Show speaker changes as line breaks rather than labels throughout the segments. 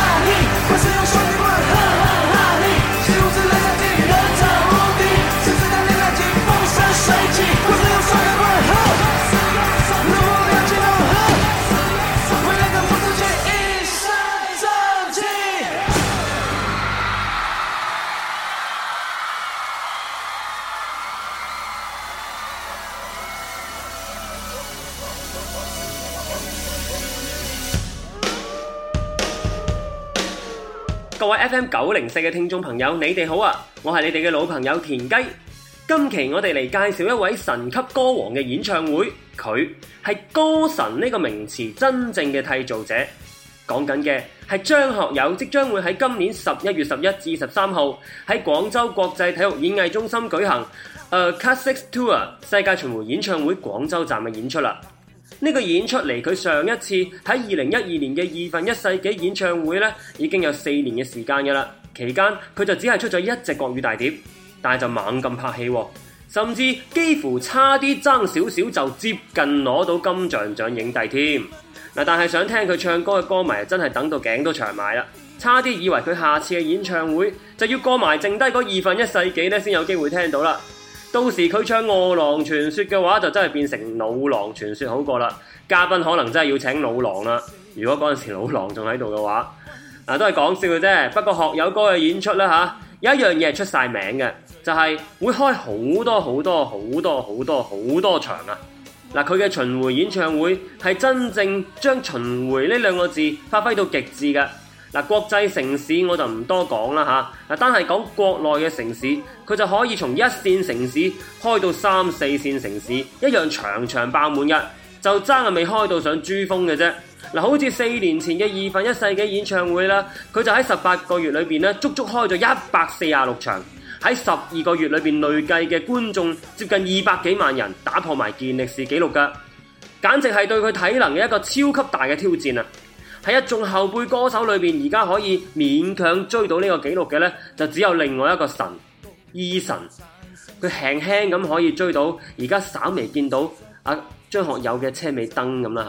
各位 FM 九零四嘅聽眾朋友，你哋好啊！我係你哋嘅老朋友田雞。今期我哋嚟介紹一位神級歌王嘅演唱會，佢係歌神呢個名詞真正嘅締造者。講緊嘅係張學友，即將會喺今年十一月十一至十三號喺廣州國際體育演藝中心舉行誒 A Classic Tour 世界巡迴演唱會廣州站嘅演出啦。呢個演出嚟，佢上一次喺二零一二年嘅二分一世紀演唱會呢，已經有四年嘅時間㗎啦。期間佢就只係出咗一隻國語大碟，但係就猛咁拍戲，甚至幾乎差啲爭少少就接近攞到金像獎影帝添。嗱，但係想聽佢唱歌嘅歌迷真係等到頸都長埋啦，差啲以為佢下次嘅演唱會就要過埋剩低嗰二分一世紀呢，先有機會聽到啦。到時佢唱《餓狼傳說》嘅話，就真係變成《老狼傳說》好過啦。嘉賓可能真係要請老狼啦。如果嗰陣時老狼仲喺度嘅話，嗱、啊、都係講笑嘅啫。不過學友哥嘅演出咧嚇、啊，有一樣嘢係出晒名嘅，就係、是、會開好多好多好多好多好多，多場啊！嗱、啊，佢嘅巡迴演唱會係真正將巡迴呢兩個字發揮到極致嘅。嗱，國際城市我就唔多講啦嚇，嗱，單係講國內嘅城市，佢就可以從一線城市開到三四線城市，一樣場場爆滿嘅，就真係未開到上珠峰嘅啫。好似四年前嘅二分一世紀演唱會啦，佢就喺十八個月裏邊足足開咗一百四十六場，喺十二個月裏邊累計嘅觀眾接近二百幾萬人，打破埋健力士紀錄噶，簡直係對佢體能嘅一個超級大嘅挑戰啊！喺一眾後輩歌手裏面，而家可以勉強追到呢個紀錄嘅呢，就只有另外一個神，Eason，佢輕輕咁可以追到，而家稍微見到阿、啊、張學友嘅車尾燈咁啦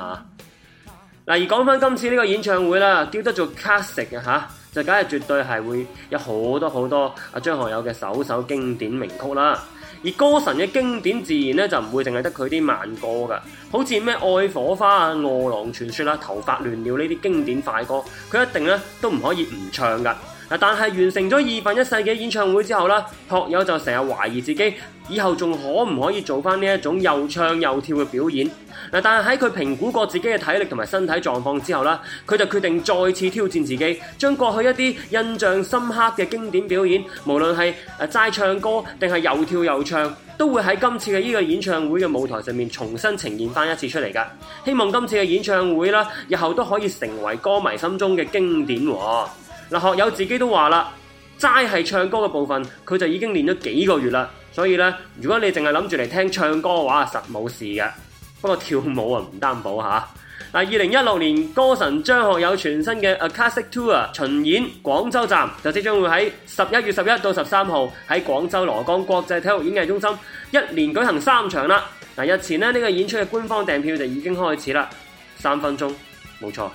吓。嗱、啊、而講返今次呢個演唱會啦，叫得做 Classic 啊吓，就梗係絕對係會有好多好多阿、啊、張學友嘅首首經典名曲啦。而歌神嘅經典自然呢就唔會淨係得佢啲慢歌㗎，好似咩愛火花啊、餓狼傳説啊、頭髮亂了呢啲經典快歌，佢一定呢都唔可以唔唱㗎。但係完成咗二分一世紀演唱會之後啦，學友就成日懷疑自己以後仲可唔可以做翻呢一種又唱又跳嘅表演嗱。但係喺佢評估過自己嘅體力同埋身體狀況之後呢，佢就決定再次挑戰自己，將過去一啲印象深刻嘅經典表演，無論係誒齋唱歌定係又跳又唱，都會喺今次嘅呢個演唱會嘅舞台上面重新呈現翻一次出嚟噶。希望今次嘅演唱會啦，日後都可以成為歌迷心中嘅經典。嗱，學友自己都話啦，齋係唱歌嘅部分，佢就已經練咗幾個月啦。所以呢，如果你淨係諗住嚟聽唱歌嘅話，實冇事嘅。不過跳舞啊，唔擔保吓。嗱，二零一六年歌神張學友全新嘅 A Classic Tour 巡演廣州站就即將會喺十一月十一到十三號喺廣州蘿崗國際體育演藝中心一連舉行三場啦。嗱，日前呢，呢、呢個演出嘅官方訂票就已經開始啦，三分鐘冇錯，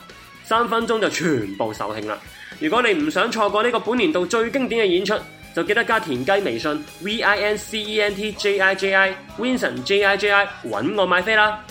三分鐘就全部售罄啦。如果你唔想錯過呢個本年度最經典嘅演出，就記得加田雞微信 v i n c e n t j i j i vinson j i j i 揾我買飛啦。